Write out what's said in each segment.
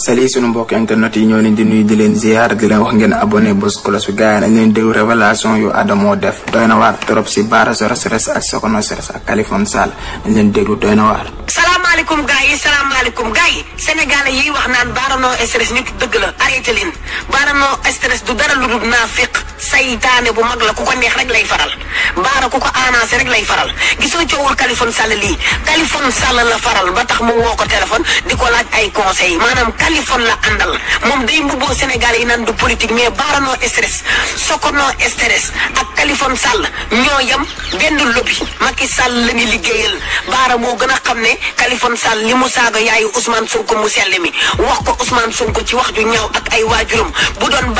sali sunu mbokk internet yi ñoo leen di nuyu di leen ziar di leen wax ngeen abonné bés kolos bi gars yi nañ leen révélation yu Adamo def doy trop si Bara Seres Seres ak Sokhna Seres ak Kaliphone Sall nañ leen déglu doy na waar salaamaaleykum gars yi salaamaaleykum gars yi wax naan Bara no stress nit dëgg la arrêté leen Bara no stress du dara lu dul saytaane bu mag la ku ko neex rek lay faral baara ku ko annoncé rek lay faral gisoo coowul Kaliphone Sall lii Kaliphone Sall la faral ba tax mu woo ko téléphone di ko laaj ay conseil maanaam Kaliphone la àndal moom day mbubboo Sénégal yi naan du politique mais baara noo stress soko noo stress ak kalifon Sall ñoo yem benn lobby Macky Sall la ñu liggéeyal baara moo gën a xam ne Kaliphone Sall li mu saaga yaayu Ousmane Sonko mu sell mi wax ko Ousmane Sonko ci wax ju ñaaw ak ay waajuram bu doon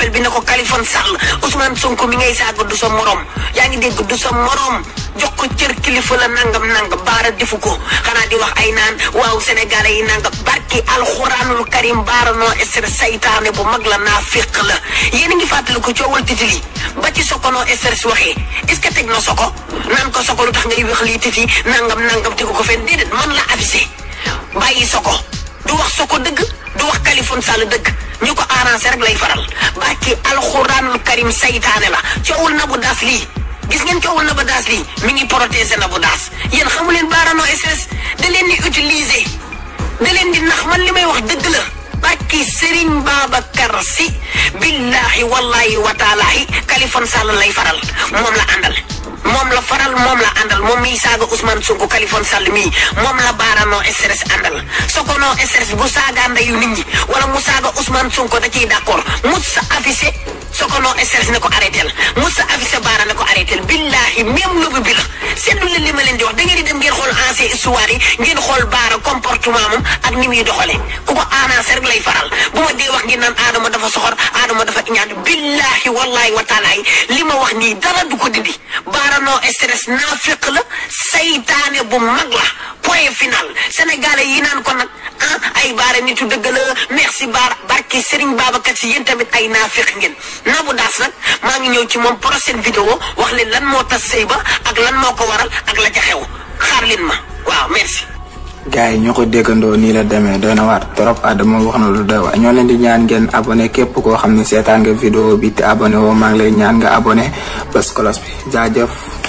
ci bi na ko Kalifone Sall Ousmane Sonko mi ngay saaga du sa morom yaa ngi dégg du sa morom jox ko cër kilifa la nangam nangam baara defu ko xanaa di wax ay naan waaw sénégalais yi nangam barki alxuraanul karim baara noo ester saytaane bu mag la naa féq la yéen a ngi fàttali ko coowal titi li ba ci soko noo ester si waxee est-ce que teg na soko naan ko soko lu tax ngay wax lii titi nangam nangam tegu ko fenn déedéet man la avisé bàyyi soko du wax soko dëgg du wax dëgg ñu ko arrangé rek lay faral bàkki alxuraanul karim saytaane la coowul na bu das lii gis ngeen coowul na bu das lii mi ngi protéger na bu das yéen xamu leen baaraanoo stress da leen di utiliser da leen nax man li may wax dëgg la barki Serigne Babacar Sy billaahi wallaahi wataalaahi Kalifon Sall lay faral moom la àndal moom la faral moom la àndal moom miy saaga Ousmane Sonko Kalifon Sall mii moom la baaranoo stress àndal sokonoo stress bu saaga ndeyu nit ñi wala mu saaga Ousmane Sonko da ciy d'accord mu sa affiché sokonoo stress ne ko arrêté mu sa affiché baara ko arrêté billaahi même lobu bi seddu leen ma leen di wax da ngeen commencé histoire ngeen xool baara comportement moom ak ni muy doxalee ku ko annoncé rek lay faral dafa soxor Adama dafa ñaan billahi wallahi wa taala li ma wax nii dara du ko dindi baara noo stress naafiq la saytaane bu mag la point final sénégalais yi naan ko nag ah ay baara nitu dëgg la merci baara barki Serigne Babacar si yéen tamit ay naafiq ngeen Nabou Dash nag maa ngi ñëw ci moom prochaine vidéo wax leen lan moo tas sëy ba ak lan moo ko waral ak la ca xew xaar leen ma waaw merci. gars yi ñoo ko déggandoo nii la demee doy na waar trop Adama wax na lu doy ñoo leen di ñaan ngeen abonné képp koo xam ne seetaan nga vidéo bi te abonné woo maa ngi lay ñaan nga abone bés kolos bi jaajëf.